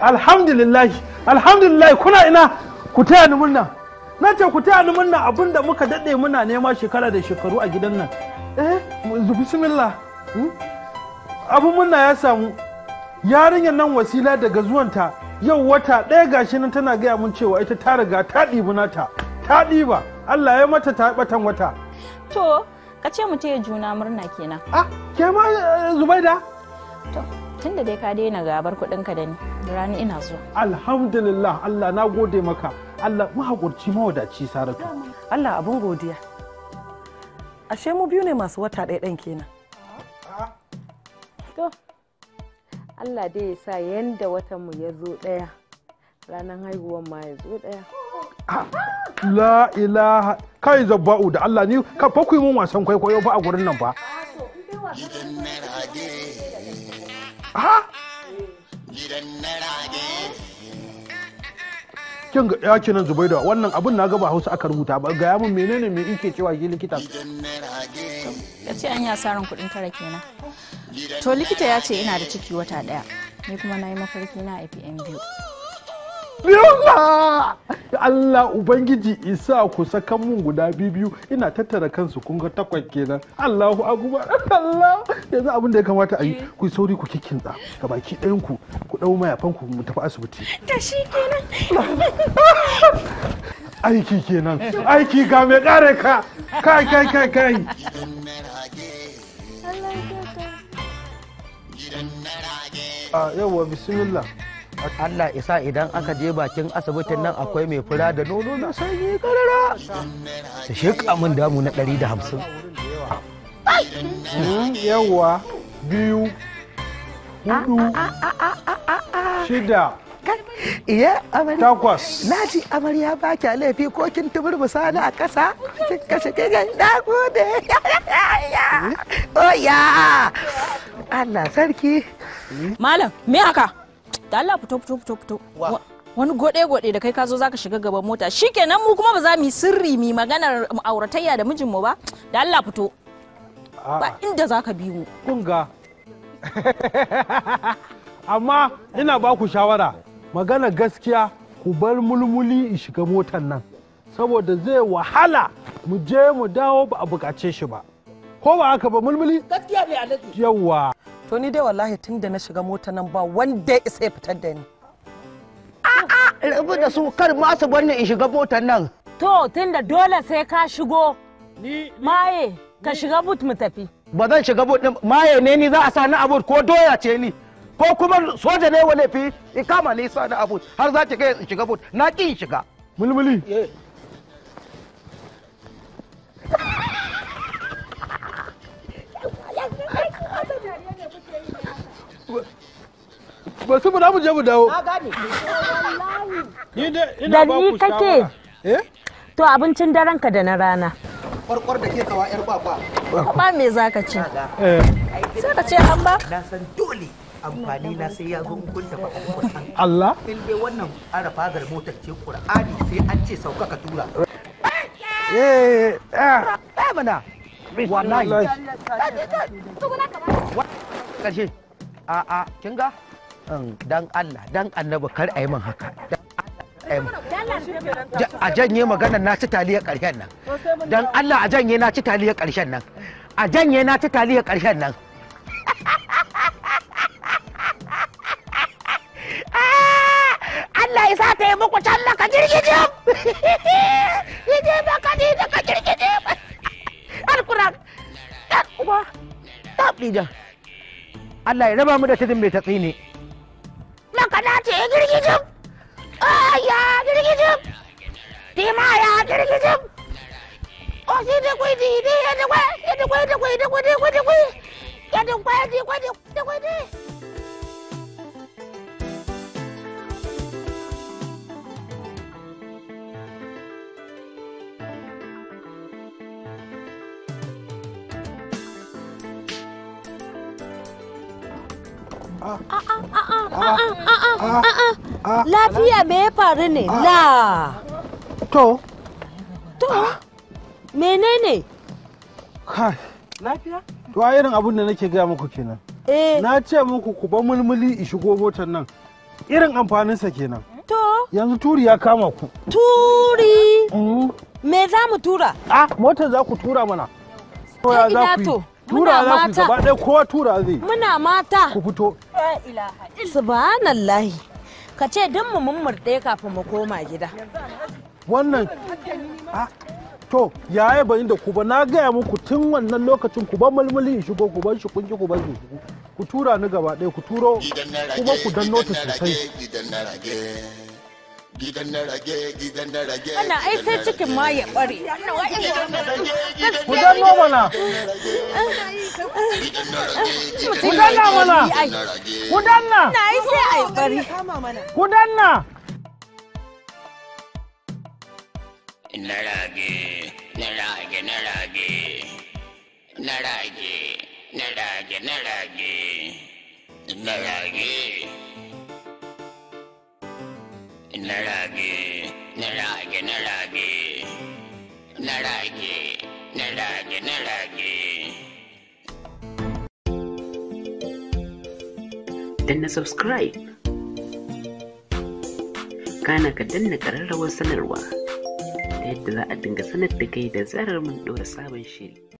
alhamdulillahi alhamdulillahi kuna ina ku taya ni murna na ce ku taya ni murna abinda muka daɗe muna nema shekara da shekaru a gidan nan eh bismillah hmm? abu murna ya samu yarinyar nan wasila daga zuwanta yau wata ɗaya gashi nan tana gaya mun cewa ita ta riga ta ɗibi nata ta ɗiba Allah ya mata ta batan wata to ka ce mu taya juna murna kenan ah ke ma eh, zubaida to tunda dai ka daina gabar kuɗinka da ni da rani ina zuwa alhamdulillah Allah na gode maka Allah mahaƙurci mawadaci saratu Allah abin godiya ashe mu biyu ne masu wata ɗaya ɗan kenan to Allah dai ya sa yanda watan mu ya zo ɗaya ranar haihuwar ma ya zo ɗaya ah, la ilaha kai zabba'u da Allah ni ka fakwai mun wasan kwaikwayo ba a gurin nan ba ha gidan na rage kin ga ɗaya nan zubaida wannan abin na gaba hausa aka rubuta ba gaya yamin menene me ike cewa ke likita ya ce an yi asarar kuɗin tara kenan to likita ya ce ina da ciki wata ɗaya ni kuma na yi mafarki na ipm biyu Allah Allah Ubangiji isa ku saka mun guda biyu ina tattara kansu kun ga takwas kenan Allahu akbar Allah yanzu abin da ya kamata a yi eh. ku sauri ku kikinta ga baki ɗayan ku ku dau mayafan ku mu tafi asibiti tashi kenan aiki kenan aiki ga mai kare ka kai kai kai kai a ah, yawwa bismillah Allah isa idan aka je bakin asibitin nan akwai mai fura da nono na sanyi karara su sheƙa min damu na ɗari da hamsin hmm, yawa biyu hudu shida iya amarya takwas na ji amarya ba kya laifi ko kin tubur musani a ƙasa kin kashe kigan na gode oya oh, Allah sarki malam me haka da Allah fito fito fito fito wani gode gode da kai ka zo zaka shiga gaban mota shikenan mu kuma ba za mu yi sirri mu maganar auratayya da mijinmu ba da Allah fito ba inda zaka bi mu kun ga amma ina ba ku shawara magana gaskiya ku bar mulmuli in shiga motar nan saboda zai wahala mu je mu dawo ba a bukace shi ba ko ba haka ba mulmuli gaskiya ne a yawa to ni dai wallahi tun da na shiga mota nan ba wanda isa ya fitar da ni a'a rabu da su kar ma su bar ni in shiga motar nan to tun da dole sai ka shigo ni maye ka shiga but mu tafi ba zan shiga but maye ne ni za a sa ni a but ko doya ce ni ko kuma soja ne wa laifi in kama ni sa ni a but har za ta ga in shiga but na ki shiga mulmuli eh. ba su mu je mu dawo da ni kake eh? to abincin daren ka da na rana kwarkwar da ke kawa yar kwakwa ba me zaka ce sai eh. ka ce an ba na san dole amfani na sai ya zo kun da Allah in dai wannan arafa gar motar ce Qur'ani sai an ce sauka ka tura eh eh, eh mana wallahi tukuna kamar karshe a'a kin ga dan Allah dan annabi kar a yi min haka a janye magana na ci taliya ƙarshen nan dan Allah a janye na ci taliya ƙarshen nan a janye na ci taliya ƙarshen nan Allah ya sa ta yi muku talla ka girgije yaje ba ka da ka girgijin alkuran ɗan uwa ɗan Allah ya raba mu da tudun mai tatsi ne nan ce girgijin ya girgijin tima ya girgijin o si da kwai di ya da kwai ya da kwai da kwai da kwai da kwai da kwai kwai da kwai da kwai da kwai Lafiya me ya faru ne? La. To. To. Menene? Kai. Lafiya? To a irin abin da nake gaya muku kenan. Na ce muku ku ba mulmuli i shigo motar nan. Irin amfaninsa kenan. To. Yanzu turi ya kama ku. Turi. Me za mu tura? A! motar za ku tura mana. To ya za ku Tura za ku gaba ɗaya kowa tura zai. Muna mata. Ku fito. subhanallahi ka ce don mu mummurde kafin mu koma gida wannan to yaya bani da ku ba na gaya muku tun wannan lokacin ku ban mulmuli in shigo ku ban shi kunki ku ban shi ku tura ni gaba ɗaya ku turo kuma ku danno ta sosai gidan na rage gidan na rage ana ai sai cikin ma ya bare ku danno mana ku danna mana ku danna na ai sai ai bare ku danna na rage na rage na rage na rage na rage na rage na rage ನಡಾಗಿ ನಡಾಗಿ ನಡಾಗಿ ನಡಾಗಿ ನಡಾಗಿ ನಡಾಗಿ danna subscribe kana ka danna ƙararrawar sanarwa ta yadda za a dinga sanar da kai da zarar min ɗora sabon shiri